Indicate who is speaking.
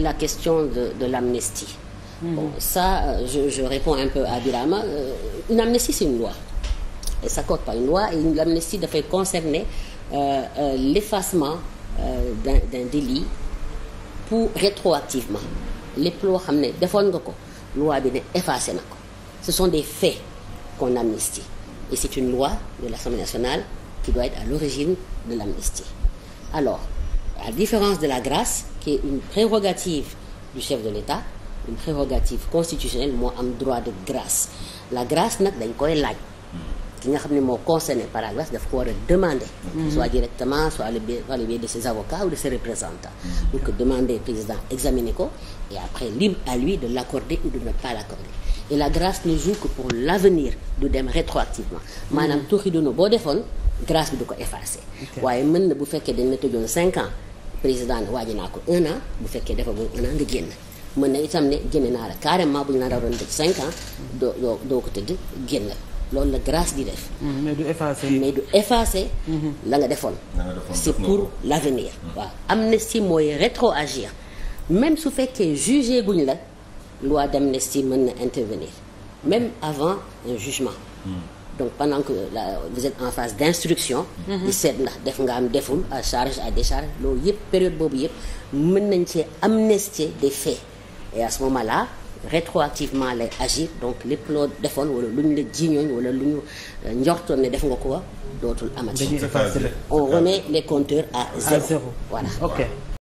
Speaker 1: la question de, de l'amnistie. Mmh. Bon, ça, je, je, réponds un peu à Birama. Euh, une amnistie, c'est une loi. Elle s'accorde par une loi et une amnistie devrait concerner euh, euh, l'effacement euh, d'un délit pour rétroactivement. lépp loo xam ne defoon nga ko loi bi ne effacé na ko ce sont des faits qu'on amnistie et c'est une loi de l'Assemblée nationale qui doit être à l'origine de l'amnistie alors à différence de la grâce qui est une prérogative du chef de l'État une prérogative constitutionnelle moo am droit de grâce la grâce nag dañ koy laaj ki nga xam ni moo concerné par la grâce daf ko war a demander mm-hmm. soit directement soit le par le biais de ses avocats ou de ses représentants mm-hmm. pour que demander président examiner ko et après libre à lui de l'accorder ou de ne pas l'accorder et la grâce ne joue que pour l'avenir du dem rétroactivement mm-hmm. maanaam tuuxi doonu boo defoon grâce du ko effacer waaye mën na bu fekkee dañ la tëjoon président ne waaji naa ko un an bu fekkee defagul un an nga génn mën na itam ne génne naa la carrément bu ñu la naroon def cinq ans doo doo ko tëdd génn loolu la grâce di def. Mm, mais du effacer mm-hmm. la nga defoon. c'est pour l'avenir. Mm-hmm. waaw amnistie mooy rétroagir même su fekkee jugé guñ la loi d'amnistie mën na intervenir même avant un jugement. Mm. donc pendant que la vous êtes en phase d'instruction mhm. di seet na def nga am deful à charge à décharge loolu yëpp période boobu yëpp mën nañ cee amnistier des faits et à ce moment là rétroactivement lay agir donc lépp loo defoon wala lu ñu la jiiñooñ wala lu ñu euh, njortoon ne def nga ko dootul amati on remet les compteurs à zéro voilà ok